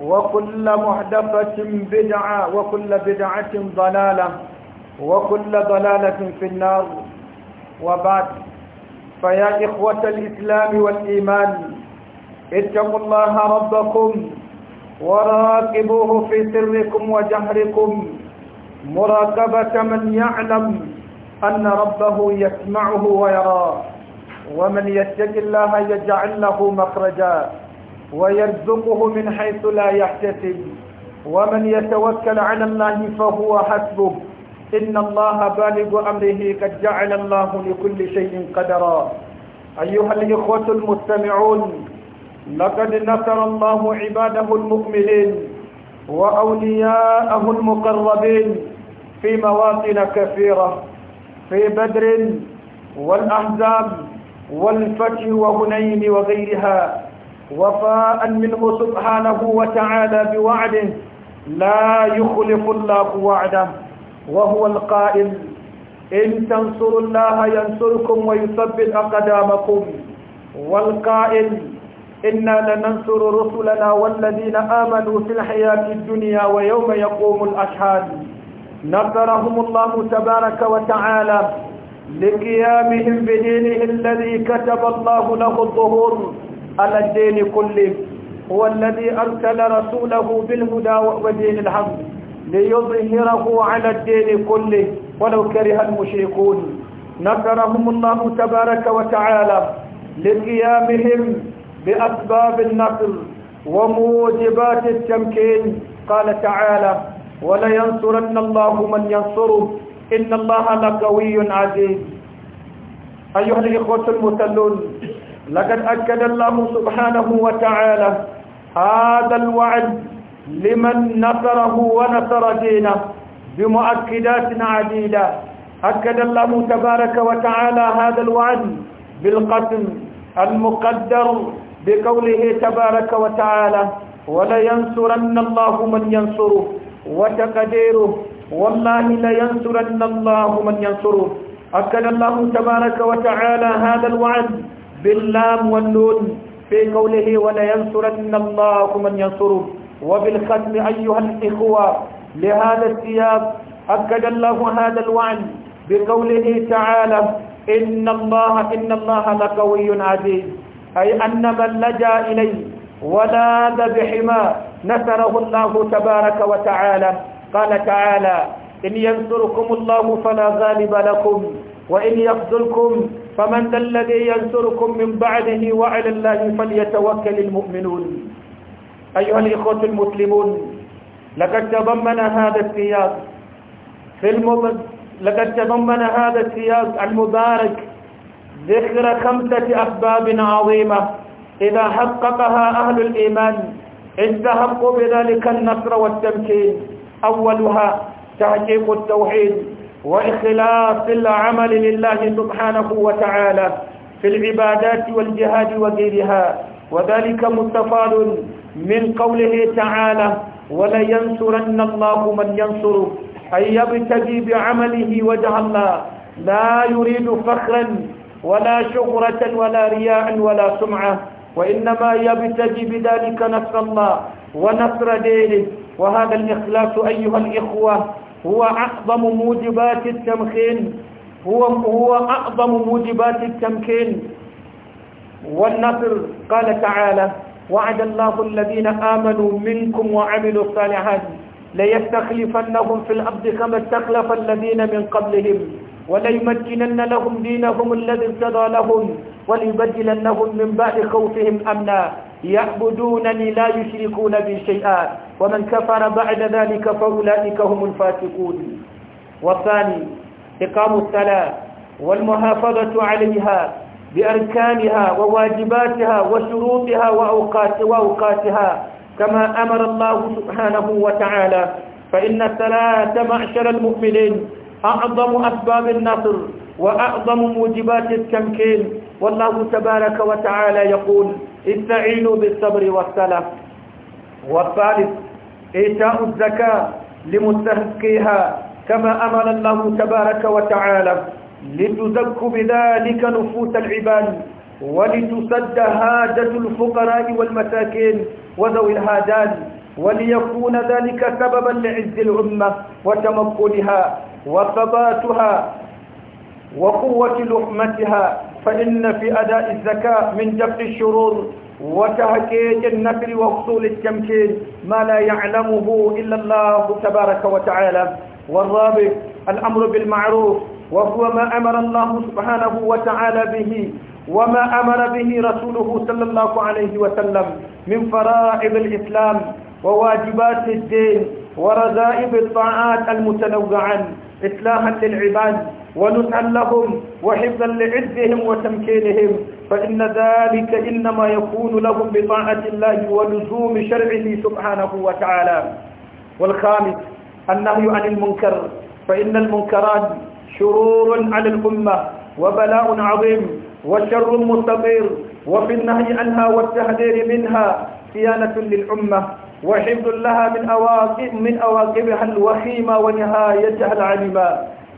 وكل محدثة بدعة وكل بدعة ضلالة وكل ضلالة في النار وبعد فيا إخوة الإسلام والإيمان اتقوا الله ربكم وراقبوه في سركم وجهركم مراقبة من يعلم أن ربه يسمعه ويراه ومن يتق الله يجعل له مخرجا ويرزقه من حيث لا يحتسب ومن يتوكل على الله فهو حسبه إن الله بالغ أمره قد جعل الله لكل شيء قدرا أيها الإخوة المستمعون لقد نصر الله عباده المؤمنين وأولياءه المقربين في مواطن كثيرة في بدر والأحزاب والفتح وهنين وغيرها وفاء منه سبحانه وتعالى بوعده لا يخلف الله وعده وهو القائل إن تنصروا الله ينصركم ويثبت أقدامكم والقائل إنا لننصر رسلنا والذين آمنوا في الحياة الدنيا ويوم يقوم الأشهاد نصرهم الله تبارك وتعالى لقيامهم بدينه الذي كتب الله له الظهور على الدين كله هو الذي أرسل رسوله بالهدى ودين الحق ليظهره على الدين كله ولو كره المشركون نصرهم الله تبارك وتعالى لقيامهم بأسباب النصر وموجبات التمكين قال تعالى ولينصرن الله من ينصره إن الله لقوي عزيز أيها الإخوة المسلون لقد أكد الله سبحانه وتعالى هذا الوعد لمن نصره ونصر دينه بمؤكدات عديدة أكد الله تبارك وتعالى هذا الوعد بالقسم المقدر بقوله تبارك وتعالى ولينصرن الله من ينصره وتقديره والله لينصرن الله من ينصره أكد الله تبارك وتعالى هذا الوعد باللام والنون في قوله ولينصرن الله من ينصره وبالختم أيها الإخوة لهذا السياق أكد الله هذا الوعد بقوله تعالى إن الله إن الله لقوي عزيز أي أن من لجأ إليه ولاذ بحما نصره الله تبارك وتعالى قال تعالى إن ينصركم الله فلا غالب لكم وإن يخذلكم فمن ذا الذي ينصركم من بعده وعلى الله فليتوكل المؤمنون أيها الإخوة المسلمون لقد تضمن هذا السياق في المب... لقد تضمن هذا السياق المبارك ذكر خمسة أسباب عظيمة إذا حققها أهل الإيمان استحقوا بذلك النصر والتمكين أولها تحقيق التوحيد وإخلاص العمل لله سبحانه وتعالى في العبادات والجهاد وغيرها وذلك مستفاد من قوله تعالى ولينصرن الله من ينصره أي يبتدي بعمله وجه الله لا يريد فخرا ولا شهرة ولا رياء ولا سمعة وإنما يبتدي بذلك نصر الله ونصر دينه وهذا الإخلاص أيها الإخوة هو أعظم موجبات التمكين هو هو أعظم موجبات التمكين والنصر قال تعالى وعد الله الذين آمنوا منكم وعملوا الصالحات ليستخلفنهم في الأرض كما استخلف الذين من قبلهم وليمكنن لهم دينهم الذي ارتضى لهم وليبدلنهم من بعد خوفهم أمنا يعبدونني لا يشركون بي شيئا ومن كفر بعد ذلك فأولئك هم الفاسقون والثاني إقام الصلاة والمحافظة عليها بأركانها وواجباتها وشروطها وأوقات وأوقاتها كما أمر الله سبحانه وتعالى فإن الصلاة معشر المؤمنين أعظم أسباب النصر وأعظم موجبات التمكين والله تبارك وتعالى يقول استعينوا بالصبر والصلاة والثالث إيتاء الزكاة لمستحقيها كما أمر الله تبارك وتعالى لتزك بذلك نفوس العباد ولتسد هاجة الفقراء والمساكين وذوي الهاجات وليكون ذلك سببا لعز الأمة وتمكنها وثباتها وقوة لحمتها فإن في أداء الزكاة من دفع الشرور وتهكيج النفل وأصول التمكين ما لا يعلمه إلا الله تبارك وتعالى والرابع الأمر بالمعروف وهو ما أمر الله سبحانه وتعالى به وما أمر به رسوله صلى الله عليه وسلم من فرائض الإسلام وواجبات الدين ورذائب الطاعات المتنوعة إصلاحا للعباد ونسأل لهم وحفظا لعزهم وتمكينهم فإن ذلك إنما يكون لهم بطاعة الله ولزوم شرعه سبحانه وتعالى والخامس النهي عن المنكر فإن المنكرات شرور على الأمة وبلاء عظيم وشر مستطير وفي النهي عنها والتحذير منها صيانة للأمة وحفظ لها من من أواقبها الوخيمة ونهايتها العليمة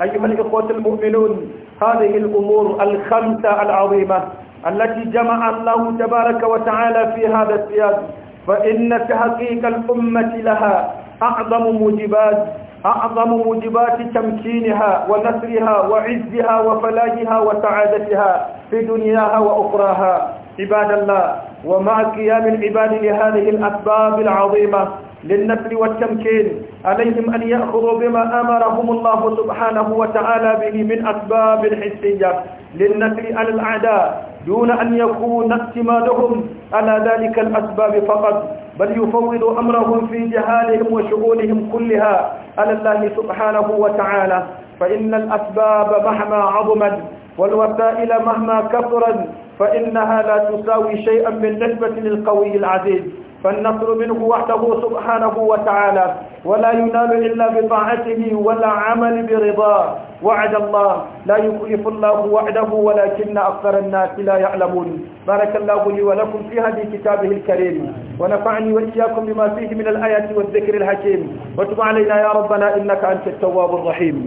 أيها الإخوة المؤمنون هذه الأمور الخمسة العظيمة التي جمع الله تبارك وتعالى في هذا السياق فإن تحقيق الأمة لها أعظم موجبات أعظم موجبات تمكينها ونصرها وعزها وفلاحها وسعادتها في دنياها وأخراها عباد الله ومع قيام العباد لهذه الأسباب العظيمة للنفل والتمكين عليهم أن يأخذوا بما أمرهم الله سبحانه وتعالى به من أسباب حسية للنفل على الأعداء دون أن يكون اعتمادهم على ذلك الأسباب فقط بل يفوض أمرهم في جهالهم وشغولهم كلها على الله سبحانه وتعالى فإن الأسباب مهما عظمت والوسائل مهما كثرت فإنها لا تساوي شيئا من نسبة للقوي العزيز فالنصر منه وحده سبحانه وتعالى ولا ينال إلا بطاعته ولا عمل برضاه وعد الله لا يخلف الله وعده ولكن أكثر الناس لا يعلمون بارك الله لي ولكم في هذه كتابه الكريم ونفعني وإياكم بما فيه من الآيات والذكر الحكيم وتب علينا يا ربنا إنك أنت التواب الرحيم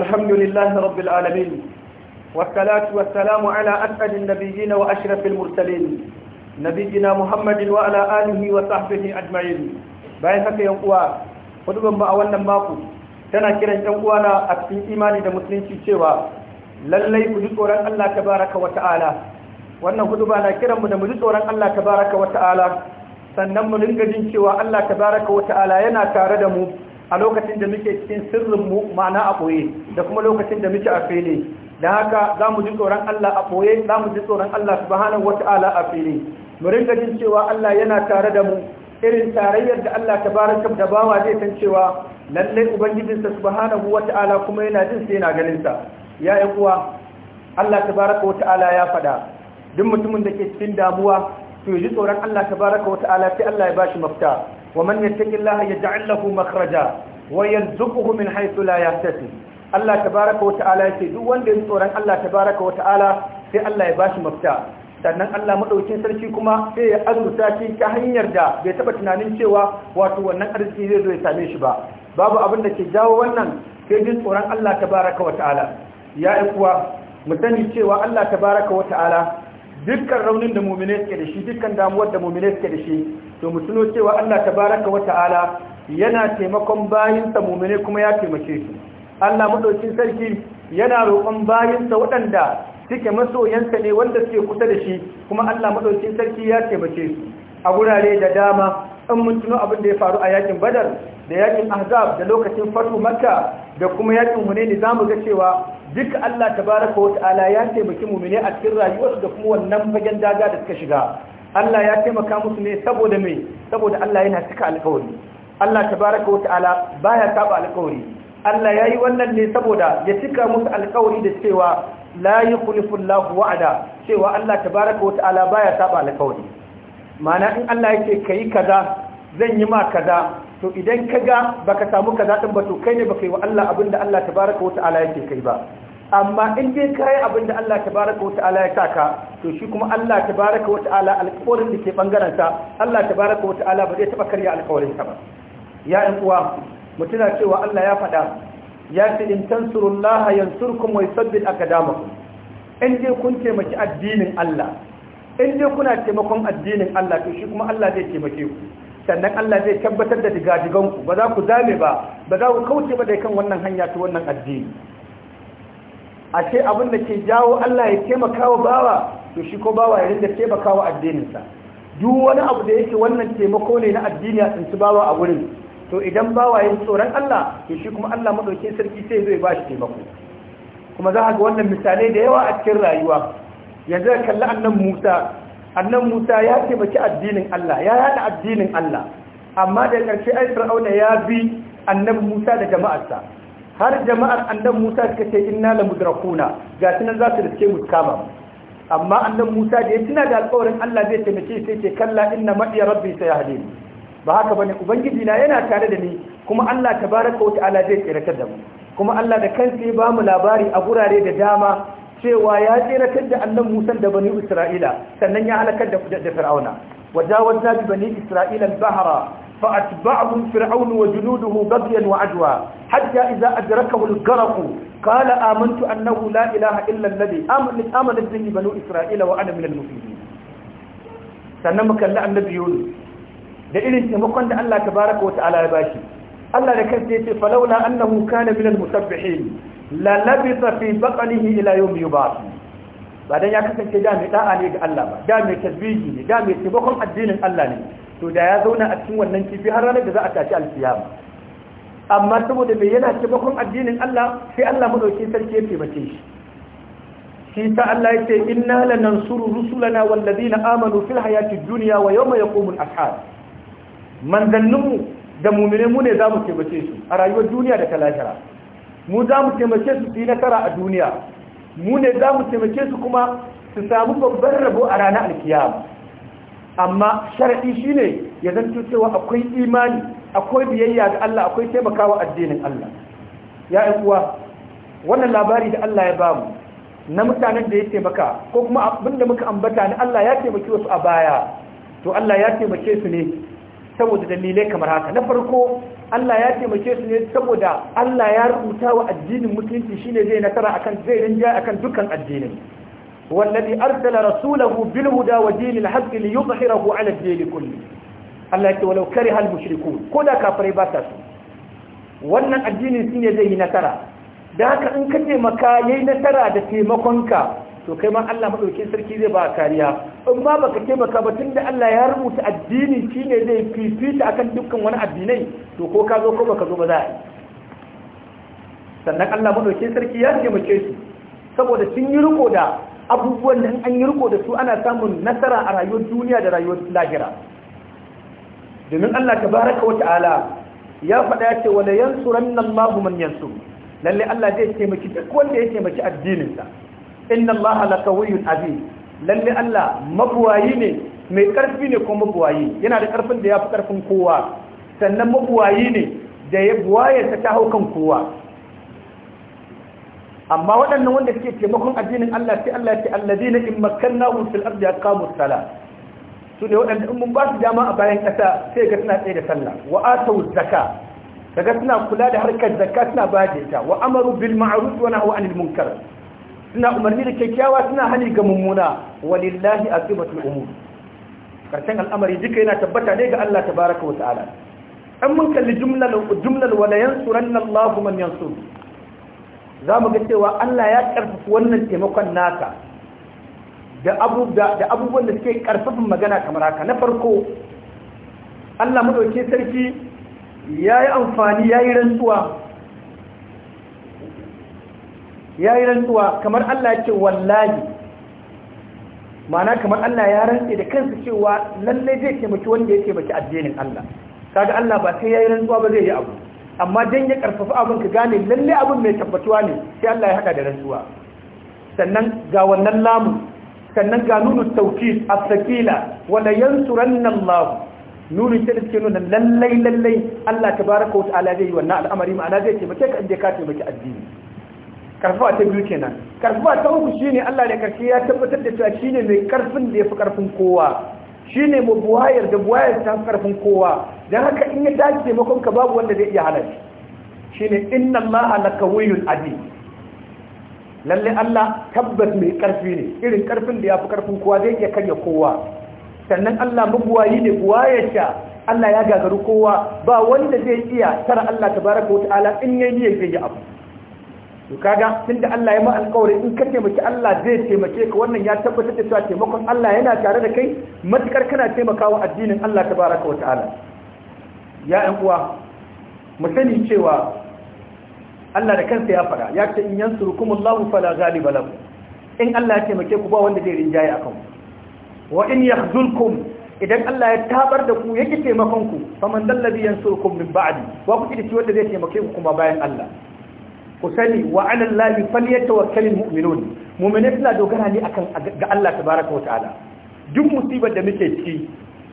الحمد لله رب العالمين والصلاة والسلام على أسعد النبيين وأشرف المرسلين نبينا محمد وعلى آله وصحبه أجمعين bayan haka yan uwa hudubar ba a wannan mako tana kiran yan uwa na a cikin imani da musulunci cewa lallai ku ji tsoron Allah tabaraka wa ta'ala wannan huduba na kiran mu da mu ji tsoron Allah tabaraka wa ta'ala sannan mu dinga jin cewa Allah tabaraka wa ta'ala yana tare da mu a lokacin da muke cikin sirrinmu ma'ana a ɓoye da kuma lokacin da muke a fili da haka za mu ji tsoron Allah a ɓoye za mu ji tsoron Allah subhanahu wata'ala a fili mu ringa jin cewa Allah yana tare da mu irin tarayyar da Allah tabaraka da bawa zai san cewa lalle ubangijinsa subhanahu wata'ala kuma yana jin sai yana ganin sa ya yi kuwa Allah tabaraka wata'ala ya faɗa duk mutumin da ke cikin damuwa to ji tsoron Allah ta tabaraka wata'ala sai Allah ya ba shi mafita ومن يتق الله يجعل له مخرجا ويرزقه من حيث لا يحتسب الله تبارك وتعالى يتي duk wanda ya tsoron Allah tabaraka wataala sai Allah ya bashi mafita sannan Allah madaukin sarki kuma sai ya azurta shi ta hanyar da bai taba tunanin cewa wato wannan arziki zai zo ya same shi ba babu abin da ke jawo wannan sai jin tsoron Allah tabaraka wataala ya yi kuwa mu sani cewa Allah tabaraka wataala dukkan raunin da mu'mine suke da shi dukkan damuwar da mu'mine suke da shi to mu cewa Allah tabaraka wa ta'ala yana taimakon bayinsa mu'mine kuma ya taimake su Allah madaukin sarki yana roƙon bayinsa waɗanda suke masoyansa ne wanda suke kusa da shi kuma Allah madaukin sarki ya taimake su a gurare da dama in mun tuno abin da ya faru a yakin Badar da yakin Ahzab da lokacin Fatu Makka da kuma yakin Hunayn zamu ga cewa duk Allah tabaraka wa ta'ala ya taimaki mu'mine a cikin rayuwar da kuma wannan fagen daga da suka shiga Allah ya taimaka musu ne saboda mai saboda Allah yana cika alkawari Allah tabaraka wa ta'ala baya saba alkawari Allah yayi wannan ne saboda ya cika musu alkawari da cewa la yukhlifu wa'ada cewa Allah tabaraka wa ta'ala baya saba alkawari Mana in Allah yake kai kaza zan yi ma kaza to idan kaga baka samu kaza din ba to kai ne baka yi wa Allah abinda Allah tabaraka wa ta'ala yake kai ba amma in dai ka yi abin da Allah tabaraka wata'ala ya taka to shi kuma Allah tabaraka wata'ala alƙawarin da ke bangaren sa Allah tabaraka wata'ala ba zai taba karya alƙawarin sa ba ya in uwa mutuna cewa Allah ya faɗa ya ce in tansurullaha yansurkum wa yusabbit aqdamakum in dai kun taimaki addinin Allah in taimakon addinin Allah to shi kuma Allah zai taimake ku sannan Allah zai tabbatar da digadiganku ba za ku zame ba ba za ku kauce ba da kan wannan hanya ta wannan addini A ce abin da ke jawo Allah ya taimaka wa bawa to shi ko bawa ya rinda taimaka wa addininsa duk wani abu da yake wannan taimako ne na addini a tsinci bawa a wurin to idan bawa ya tsoron Allah to shi kuma Allah madaukin sarki sai zai ba shi taimako kuma za a ga wannan misalai da yawa a cikin rayuwa yanzu ka kalli annan Musa annan Musa ya taimaki addinin Allah ya yada addinin Allah amma da ƙarshe ai Fir'auna ya bi annan Musa da jama'arsa har jama'ar annabi Musa suka ce inna la mudrakuna ga nan za su riske mu kama amma annabi Musa da ya tuna da alƙawarin Allah zai taimake sai ce kalla inna ya rabbi sayahdin ba haka bane ubangiji na yana tare da ni kuma Allah tabaraka wa ta'ala zai tsiratar da mu kuma Allah da kansa ya ba mu labari a gurare da dama cewa ya tsiratar da annabi Musa da bani Isra'ila sannan ya halakar da da Fir'auna wajawazna bi bani Isra'ila al-bahra فأتبعهم فرعون وجنوده بغيا وعدوى حتى إذا أدركه الغرق قال آمنت أنه لا إله إلا الذي آمنت, آمنت به بنو إسرائيل وأنا من المفيدين سنما كان النبي يونس da irin taimakon da Allah tabaraka wata ya bashi Allah da kansa yace falawla annahu kana min al-musabbihin la labitha fi baqanihi ila yawm yub'ath ba dan ya kasance da mai da'a ne ga Allah da tasbihi ne da mai taimakon addinin Allah ne to da ya zauna a cikin wannan kifi har ranar da za a tashi alkiyama amma saboda mai yana taimakon addinin Allah sai Allah madauki sarki ya taimake shi shi ta Allah ya ce inna lanansuru rusulana wallazina amanu fil hayati dunya wa yawma yaqumul ashab manzanninmu da mu'mine mu ne za mu taimake su a rayuwar duniya da ta lahira mu za mu taimake su su yi nasara a duniya mu ne za mu taimake su kuma su samu babban rabo a ranar alkiyama amma sharaɗi shine ya zanto cewa akwai imani akwai biyayya ga Allah akwai taimakawa addinin Allah ya uwa wannan labari da Allah ya bamu na mutanen da ya taimaka ko kuma abinda muka ambata ni Allah ya taimaki wasu a baya to Allah ya taimake su ne saboda dalilai kamar haka na farko Allah ya taimake su ne saboda Allah ya rubuta wa addinin mutunci shine zai nasara akan zai rinja akan dukkan addinin wallazi arsala rasulahu bil huda wa dinil haqq liyudhhirahu ala ad kulli Allah ya ce walau kariha al-mushrikun ko da kafirai ba ta so wannan addini shine zai yi nasara da haka in ka taimaka yayi nasara da taimakonka to kai ma Allah madaukin sarki zai ba kariya in ma baka taimaka ba tunda Allah ya rubuta addini shine zai fifita akan dukkan wani addinai to ko ka zo ko baka zo ba za a yi sannan Allah madaukin sarki ya taimake su saboda sun yi riko da abubuwan da an yi riko da su ana samun nasara a rayuwar duniya da rayuwar lahira domin Allah Ta baraka wata ala ya faɗa ce wala yansuranna mahu man yansu lalle Allah zai taimaki duk wanda ya taimaki addininsa sa inna Allaha laqawiyyun abi. lalle Allah mabuwayi ne mai karfi ne ko mabuwayi yana da karfin da ya fi karfin kowa sannan mabuwayi ne da ya buwaye ta kan kowa amma waɗannan wanda suke taimakon addinin Allah sai Allah ce alladina in makkannahum fil ardi aqamu salat su ne waɗanda in mun ba su dama a bayan ƙasa sai ga suna tsaye da sallah wa atau zakka daga suna kula da harkar zakka suna bayar da ita wa amaru bil ma'ruf wa nahwu anil munkar suna umarni da kyakkyawa suna hani ga mummuna walillahi aqibatul umur karshen al'amari duka yana tabbata ne ga Allah tabaraka wa ta'ala an mun kalli jumlal jumlal wala yansuranna Allahu man yansur za mu ga cewa Allah ya karfafa wannan taimakon naka da abubuwan da suke ƙarfafin magana kamar haka na farko Allah maɗauki sarki ya yi amfani ya yi rantsuwa ya yi rantsuwa kamar Allah ya ce wallahi mana kamar Allah ya rantse da kansa cewa lallai zai taimaki wanda ya taimaki addinin Allah kaga Allah ba sai ya yi rantsuwa ba zai yi abu amma dan ya karfafa abin ka gane lalle abin mai tabbatuwa ne sai Allah ya hada da rasuwa. sannan ga wannan lamu sannan ga nunu tawkid as-sakila wala nan lamu nunu ta suke nuna lallai lallai. Allah tabaaraka wa ta'ala zai yi wannan al'amari ma'ana zai ce mace ka inda ka taimaki addini karfafa ta biyu kenan karfafa ta uku shine Allah ne karshe ya tabbatar da cewa ne mai karfin da ya fi karfin kowa shine mu buwayar da buwayar ta karfin kowa don haka in ya dace taimakon ka babu wanda zai iya hana shi innan inna allaha lakawiyyun adi lalle Allah tabbas mai karfi ne irin karfin da ya fi karfin kowa zai iya karya kowa sannan Allah mabuwayi ne ta, Allah ya gagaru kowa ba wanda zai iya tara Allah tabaraka wata ta'ala in yayi zai yi abu to kaga tunda Allah ya ma alƙawari in ka taimaki Allah zai taimake ka wannan ya tabbatar da cewa taimakon Allah yana tare da kai matukar kana taimakawa addinin Allah tabaraka wa ta'ala ya ɗan uwa mu sani cewa Allah da kansa ya fara ya ce in yansurukumullahu fala ghaliba lakum in Allah ya taimake ku ba wanda zai rinjaye akan wa in yakhzulkum idan Allah ya tabar da ku yake taimakon ku faman dallabi yansurukum min ba'di wa ku kidi wanda zai taimake ku kuma bayan Allah ku sani wa ala ta wakilin mu'minun mu'minai suna dogara ne akan ga Allah tabaraka wa ta'ala duk musibar da muke ciki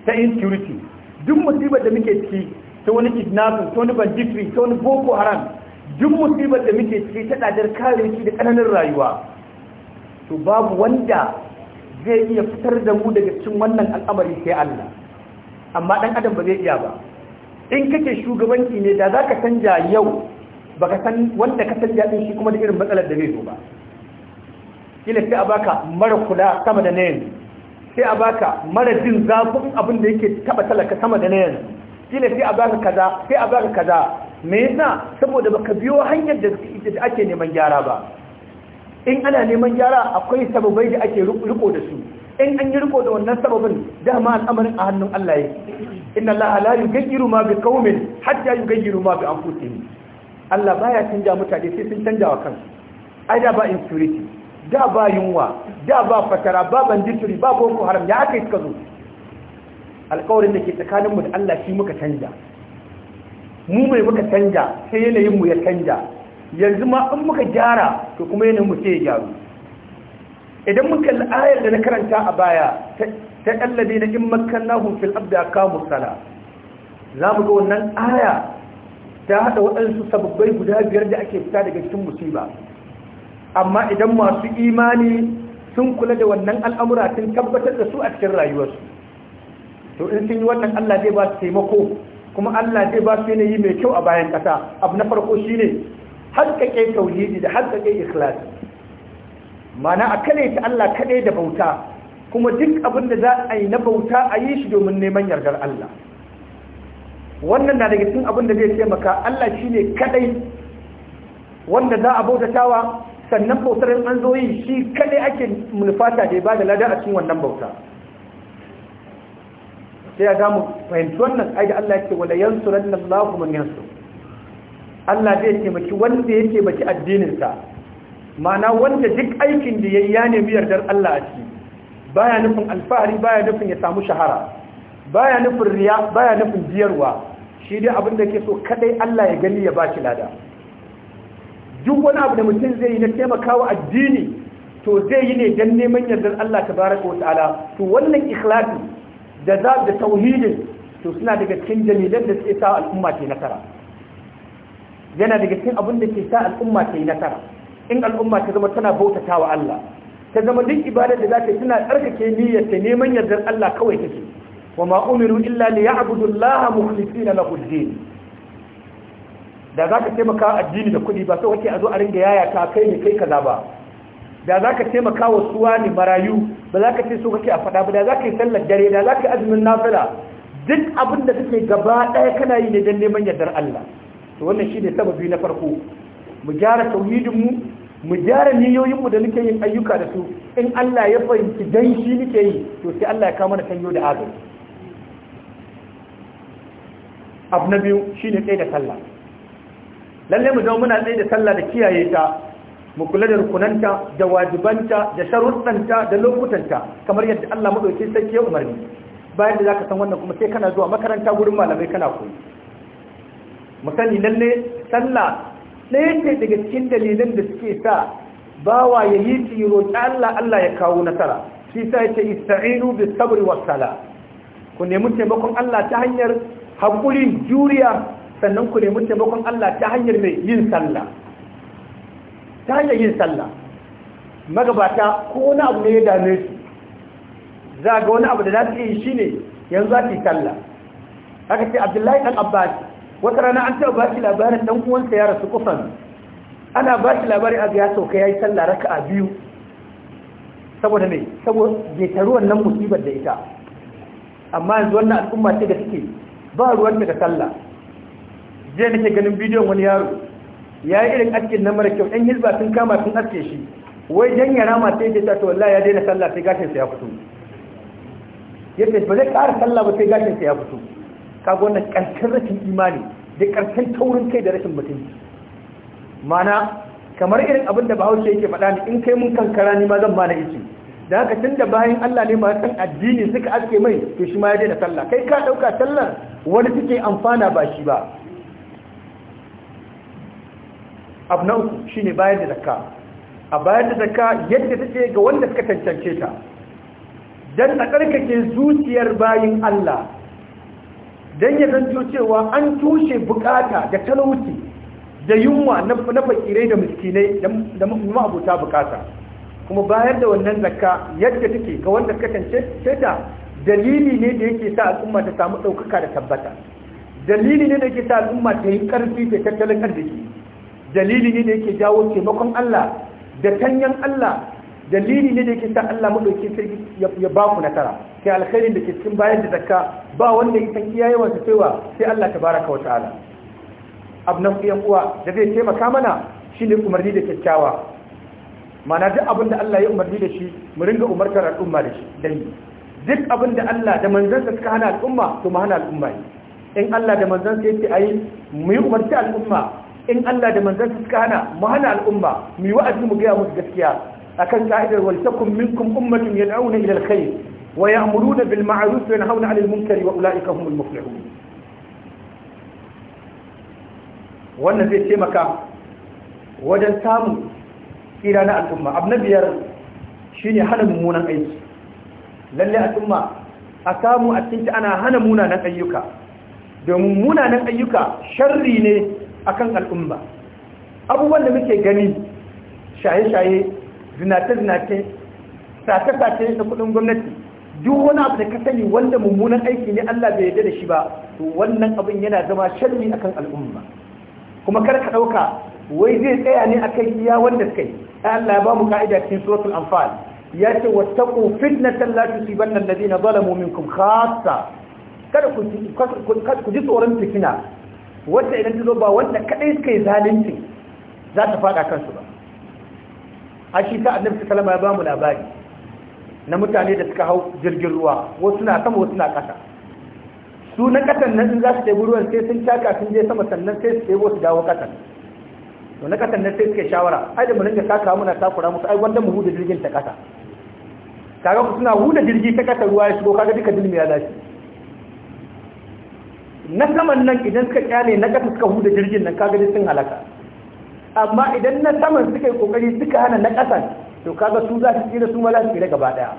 ta insecurity duk musibar da muke ciki ta wani kidnapping ta wani banditry ta wani boko haram duk musibar da muke ciki ta tsadar shi da kananan rayuwa to babu wanda zai iya fitar da mu daga cikin wannan al'amari sai Allah amma ɗan adam ba zai iya ba in kake shugabanci ne da zaka canja yau baka san wanda ka san daɗin shi kuma da irin matsalar da zai zo ba kila sai a baka mara kula sama da na yanzu sai a baka mara jin zafin abin da yake taba talaka sama da na yanzu kila sai a baka kaza sai a baka kaza me yasa saboda baka biyo hanyar da ake neman gyara ba in ana neman gyara akwai sababai da ake riko da su in an yi riko da wannan sababin dama al'amarin a hannun Allah yake inna Allah la yughayyiru ma bi qaumin hatta yughayyiru ma bi anfusihim Allah baya canja mutane sai sun canja wa kansu ai da ba insecurity da ba yunwa da ba fatara ba bandituri ba boko haram ya aka suka zo alƙawarin da ke tsakaninmu da Allah shi muka canja mu mai muka canja sai yanayinmu ya canja yanzu ma in muka gyara to kuma yanayinmu sai ya gyaru idan mun kalli ayar da na karanta a baya ta ɗallabe na in makannahum fil abda kamu sala za mu ga wannan aya ta haɗa waɗansu sababbai guda biyar da ake fita daga cikin musiba amma idan masu imani sun kula da wannan al'amura sun tabbatar da su a cikin rayuwarsu to in sun yi wannan Allah zai ba su taimako kuma Allah zai ba su yanayi mai kyau a bayan ƙasa abu na farko shi shine haƙƙaƙe tauhidi da haƙƙaƙe ikhlas Ma'ana a kane ta Allah kaɗai da bauta kuma duk abin da za a yi na bauta a yi shi domin neman yardar Allah wannan na daga cikin abin da zai taimaka Allah shi ne kadai wanda za a bautatawa sannan bautar an zo yi shi kadai ake mulfata da ba da lada a cikin wannan bauta sai ya zamu fahimci wannan ai da Allah yake wala yansuranna Allahu man yansur Allah zai taimaki wanda ya taimaki addinin sa ma'ana wanda duk aikin da yayi ya nemi yardar Allah a ciki baya nufin alfahari baya nufin ya samu shahara baya nufin riya baya nufin jiyarwa shi dai abin da ke so kadai Allah ya gani ya ba shi lada duk wani abu da mutum zai yi na taimakawa addini to zai yi ne dan neman yardar Allah tabaraka wa ta'ala to wannan ikhlasi da za da tauhidin to suna daga cikin dalilan da suke sa al'umma ta nasara yana daga cikin abin da ke sa al'umma ta nasara in al'umma ta zama tana bautatawa Allah ta zama duk ibadar da za ta yi tana tsarkake niyyar ta neman yardar Allah kawai take وما أمروا إلا ليعبدوا الله مخلصين له الدين da zaka taimaka addini da kuɗi ba sai wace a zo a ringa yaya ta kai ne kai kaza ba da za taimaka wa suwa ne marayu ba za ce so kake a faɗa ba da za yi sallar dare da za yi azumin nafila duk abin da kake gaba ɗaya kana yi ne dan neman yardar Allah to wannan shine sababi na farko mu gyara tauhidin mu mu gyara mu da nake yin ayyuka da su in Allah ya fahimci dan shi muke yi to sai Allah ya kama da tanyo da azumi abu na biyu shine tsaye da sallah lallai mu zama muna tsaye da sallah da kiyaye ta mu kula da rukunanta da wajibanta da sharuɗanta da lokutanta kamar yadda Allah madauki sarki ya umarni bayan da zaka san wannan kuma sai kana zuwa makaranta wurin malamai kana koyi mu sani lalle sallah ɗaya ce daga cikin dalilan da suke sa bawa ya yi tiro ta Allah Allah ya kawo nasara shi sa yace ista'inu bis sabri was sala ku nemi taimakon Allah ta hanyar hakuri juriya sannan ku nemi taimakon Allah ta hanyar mai yin sallah ta hanyar yin sallah magabata ko wani abu ne ya dame su za ga wani abu da za su yi shi ne yanzu za sallah haka ce abdullahi ɗan abbas wata rana an taɓa ba shi labarin ɗan uwansa ya rasu kusan ana ba shi labarin abu ya sauka ya yi sallah raka a biyu saboda ne saboda taruwan nan musibar da ita amma yanzu wannan al'umma ce da suke ba ruwan da sallah jiya nake ganin bidiyon wani yaro ya yi irin askin na mara kyau ɗan hizba sun kama sun aske shi wai jan ya rama sai ya ta wallahi ya daina sallah sai gashinsa ya fito ya ce ba zai ƙara sallah ba sai gashinsa ya fito ka wannan ƙarshen rashin imani da ƙarshen taurin kai da rashin mutunci mana kamar irin abin da bahaushe yake faɗa ni in kai mun kankara ni ma zan ba na ici da haka tun da bayan Allah ne san addini suka aske mai to shi ma ya daina sallah kai ka ɗauka sallar wani suke amfana ba shi ba abu na uku shi ne bayar da zakka a bayar da zakka yadda take ga wanda suka cancance ta don a ƙarƙake zuciyar bayin Allah don ya zanto cewa an tushe bukata da talauci da yunwa na fakirai da miskinai da ma'abuta bukata kuma bayar da wannan zaka yadda take ga wanda suka cancance ta dalili ne da yake sa al'umma ta samu ɗaukaka da tabbata dalili ne da yake sa al'umma ta yi ƙarfi da tattalin arziki dalili ne da yake jawo taimakon Allah da tanyan Allah dalili ne da yake sa Allah madauki sai ya ba ku nasara sai alkhairin da ke cikin bayan da zakka ba wanda ya san iyaye wa cewa sai Allah ta baraka wa ta'ala abnan yan uwa da zai taimaka mana shi ne umarni da kyakkyawa Mana duk abin da Allah ya umarni da shi mu ringa umartar al'umma da shi dangi. duk abin da Allah da manzansa suka hana al'umma to mu hana al'umma ne in Allah da manzansa yake ayi mu yi umarci al'umma in Allah da manzansa suka hana mu hana al'umma mu yi wa'azi mu gaya musu gaskiya akan ka'idar wal takum minkum ummatun yad'una ila al-khair wa ya'muruna bil ma'ruf wa yanhauna 'anil munkari wa ulaika humul muflihun wannan zai taimaka wajen samun tsira na al'umma abu na biyar shine hana mummunan aiki lalle al'umma a samu a cikin ana hana munanan ayyuka domin munanan ayyuka sharri ne a kan al'umma abubuwan da muke gani shaye-shaye zinace-zinace sace-sace da kudin gwamnati duk wani abu da ka sani wanda mummunan aiki ne Allah bai yarda da shi ba to wannan abin yana zama sharri kan al'umma kuma kar ka ɗauka, wai zai tsaya ne akan iya wanda kai, yi Allah ya ba mu ka'ida cikin suratul anfal ya ce wattaku fitnatan la tusibanna alladhina zalamu minkum khassa kada ku ku ji tsoron fitina wanda idan ta zo ba wanda kadai suka yi zalunci za ta fada kansu ba a shi ta annabi sallama ya ba mu labari na mutane da suka hau jirgin ruwa wasu na sama wasu na kasa su na kasan nan za su ɗebi ruwan sai sun taka sun je sama sannan sai su ɗebo su dawo kasan to na kasan nan sai suke shawara ai da mu ringa saka muna takura musu ai wanda mu hudu jirgin ta kasa kaga ku suna huda jirgi ta kasa ruwa ya shigo kaga duka dilmi ya dace. na saman nan idan suka kyale na kasa suka huda jirgin nan kaga sun halaka amma idan na saman suka yi kokari suka hana na kasa to kaga su za su tsira su ma za su tsira gaba daya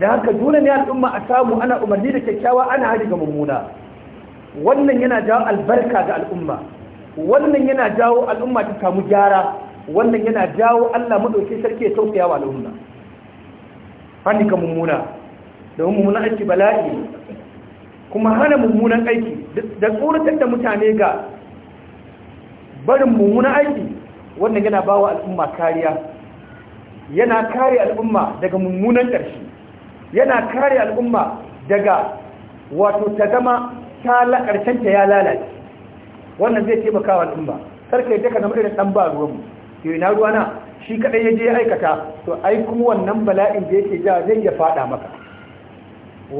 da haka dole ne al'umma a samu ana umarni da kyakkyawa ana hari ga mummuna wannan yana jawo albarka ga al'umma wannan yana jawo al'umma ta samu gyara wannan yana jawo Allah madaukakin sarki ya tausaya wa al'umma hannuka mummuna domin mummunan aiki bala'i kuma hana mummunan aiki da tsoratar da mutane ga barin mummunan aiki wanda yana ba wa al'umma kariya yana kare al'umma daga mummunan ƙarshe yana kare al'umma daga wato ta zama ta ƙarshenta ya lalace wannan zai taimaka wa al'umma karka yadda na zama irin ɗan ba ruwanmu yau na ruwana shi kadai ya je aikata to ai kuma wannan bala'in da yake ja zai iya fada maka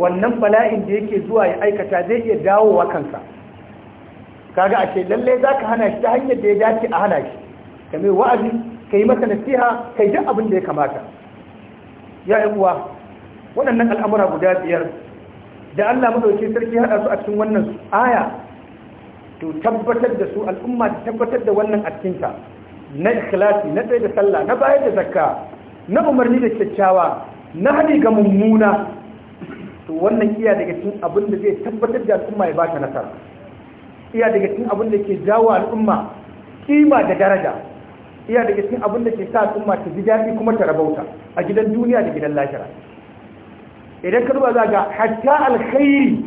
wannan bala'in da yake zuwa ya aikata zai iya dawowa kansa kaga ake lalle ka hana shi ta hanyar da ya dace a hana shi Ka mai wa'azi ka yi masa nasiha yi duk abin da ya kamata ya uwa waɗannan al'amura guda biyar da Allah madauki sarki haɗa su a cikin wannan aya to tabbatar da su al'umma ta tabbatar da wannan a cikinta na ikhlasi na tsaye da sallah na bayar da zakka na umarni da kyakkyawa na hadi ga mummuna to wannan iya daga cikin abin da zai tabbatar da al'umma ya bata nasara iya daga cikin abin da ke jawo al'umma kima da daraja iya daga cikin abin da ke sa al'umma ta ji daɗi kuma ta rabauta a gidan duniya da gidan lahira idan ka duba za ga hatta alkhairi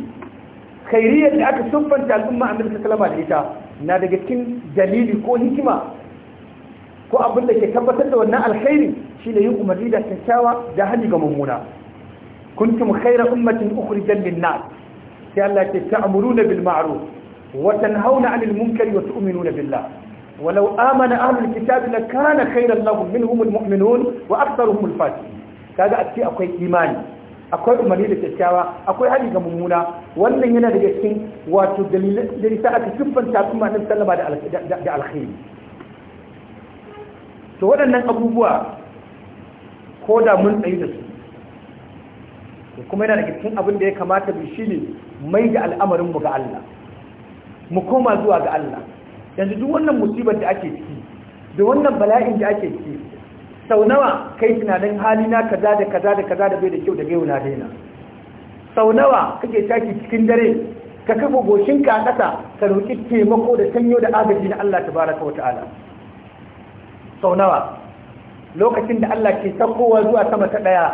khairiyyar da aka siffanta al'umma a sallallahu da ita na daga cikin dalili ko hikima ko abin da ke tabbatar da wannan alkhairi shine yin umarni da kyakkyawa da hali ga mummuna kuntum khayra ummatin ukhrijat lin-nas sai Allah ya ta'muruna bil ma'ruf wa tanhauna 'anil munkari wa tu'minuna billah ولو آمن أهل الكتاب لكان خيرا لهم منهم المؤمنون وأكثرهم الفاسقين kaga a akwai imani akwai umarni da kyakkyawa akwai hali ga mummuna wannan yana daga cikin wato dalilin da aka siffanta kuma annabi sallama da alkhairi to waɗannan abubuwa ko da mun tsayi da su kuma yana da cikin abin da ya kamata bi shi ne mai da al'amarinmu ga Allah mu koma zuwa ga Allah yanzu duk wannan musibar da ake ciki da wannan bala'in da ake ciki sau nawa kai tunanin halina kaza da kaza da kaza da bai da kyau da bai wuna daina sau nawa kake taki cikin dare ka kafa goshinka a ƙasa ka roƙi taimako da sanyo da agaji na Allah tabaraka wa ta'ala sau nawa lokacin da Allah ke sakowa zuwa sama ta ɗaya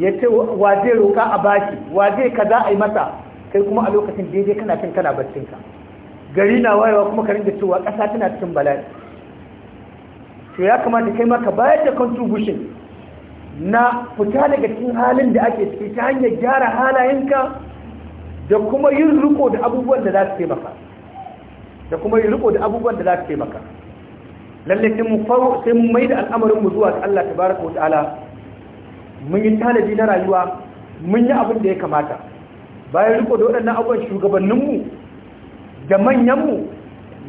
ya ce wa zai roƙa a baki wa zai ka za a yi masa kai kuma a lokacin daidai kana cin kana baccinka gari na wayewa kuma ka rinda cewa ƙasa tana cikin bala'i to ya kamata kai maka bayar da contribution na fita daga cikin halin da ake ciki ta hanyar gyara halayenka da kuma yin riko da abubuwan da za su taimaka da kuma yin riko da abubuwan da za su taimaka lalle sai mu faru sai mu maida al'amarin mu zuwa ga Allah tabaraka wa ta'ala mun yi tanadi na rayuwa mun yi abin da ya kamata bayan riko da waɗannan abubuwan shugabannin mu da manyan mu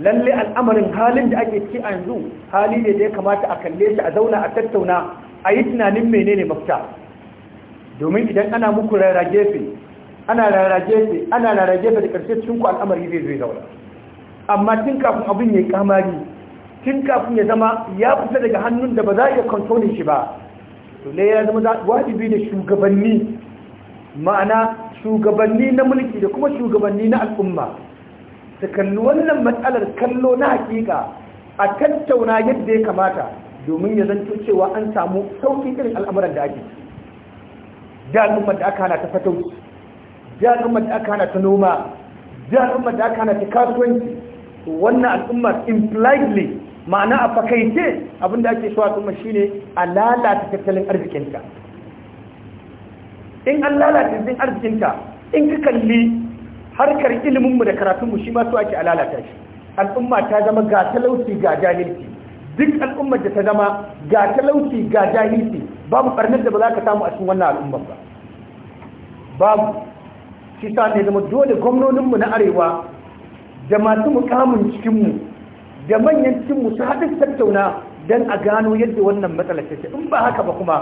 lalle al'amarin halin da ake ciki a yanzu hali ne da ya kamata a kalle shi a zauna a tattauna a yi tunanin menene mafita domin idan ana muku rara gefe ana rara gefe ana rara gefe da cikin al'amari zai zai zauna amma tun kafin abin ya kamari tun kafin ya zama ya fita daga hannun da ba za a iya kontrolin shi ba To ne ya zama wajibi da shugabanni ma'ana shugabanni na mulki da kuma shugabanni na al'umma ta kalli wannan matsalar kallo na hakika a tattauna yadda ya kamata domin ya zanto cewa an samu sauƙi irin al'amuran da ake da al'ummar da aka hana ta fatauci da al'ummar da aka hana ta noma da al'ummar da aka hana ta kasuwanci wannan al'ummar impliedly ma'ana a fakaice abinda ake shuwa kuma shine a lalata tattalin arzikinka in an lalata tattalin arzikinka in ka kalli harkar iliminmu da karatunmu shi ma su ake a lalata shi al'umma ta zama ga talauci ga jahilci duk al'ummar da ta zama ga talauci ga jahilci babu ɓarnar da ba za ka samu a cikin wannan al'ummar ba babu shi sa ne dole gwamnoninmu na arewa da masu mukamin cikinmu da manyan cikin musu haɗin tattauna don a gano yadda wannan matsalar ce in ba haka ba kuma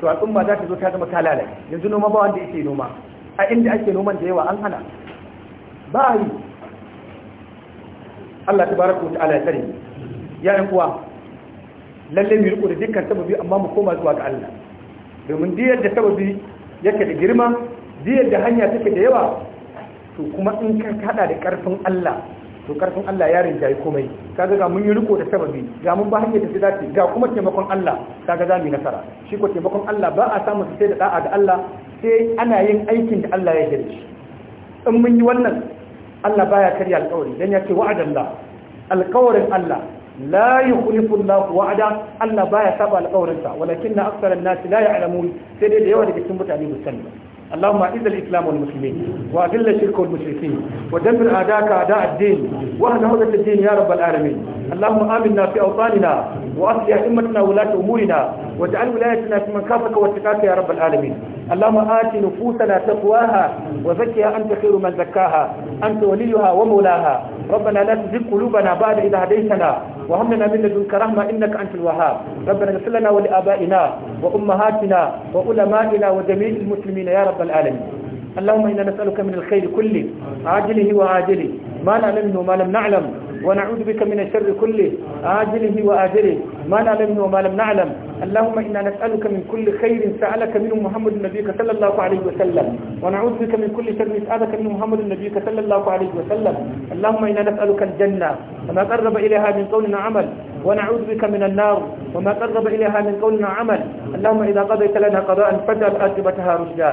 to al'umma za ta zo ta zama ta lalace yanzu noma ba wanda yake noma a inda ake noman da yawa an hana ba yi Allah ta baraka wa ta'ala ya ya yan kuwa, lalle mu riko da dukkan sababi amma mu koma zuwa ga Allah domin diyar da sababi yake da girma diyar da hanya take da yawa to kuma in ka kada da karfin Allah to karfin Allah ya yi komai kaga ga mun yi riko da sababi ga mun ba hanyar da ta dace ga kuma taimakon Allah kaga za mu yi nasara shi ko taimakon Allah ba a samu sai da da'a ga Allah sai ana yin aikin da Allah ya yarda in mun yi wannan Allah baya karya alƙawari dan ya ce wa'adallah alƙawarin Allah la yukhlifu Allah wa'ada Allah baya saba alƙawarinsa walakinna aktharan nas la ya'lamun sai dai da yawa daga cikin mutane ba اللهم اعز الاسلام والمسلمين واذل الشرك والمشركين ودمر اعداءك اعداء الدين واهل هدى الدين يا رب العالمين اللهم امنا في اوطاننا واصلح ائمتنا ولاة امورنا واجعل ولايتنا في من خافك واتقاك يا رب العالمين اللهم آت نفوسنا تقواها وزكها أنت خير من زكاها أنت وليها ومولاها ربنا لا تزغ قلوبنا بعد اذا هديتنا وهب لنا من لدنك رحمة إنك أنت الوهاب ربنا اغفر لنا ولآبائنا وأمهاتنا وعلمائنا وجميع المسلمين يا رب العالمين اللهم إنا نسألك من الخير كله عاجله وعاجله ما نعلمه وما لم نعلم ونعوذ بك من الشر كله عاجله وآجله ما نعلم وما لم نعلم اللهم إنا نسألك من كل خير سألك منه محمد النبي صلى الله عليه وسلم ونعوذ بك من كل شر سألك منه محمد النبي صلى الله عليه وسلم اللهم إنا نسألك الجنة وما قرب إليها من قول عمل ونعوذ بك من النار وما قرب إليها من قول عمل اللهم إذا قضيت لنا قضاء فجر أجبتها رشدا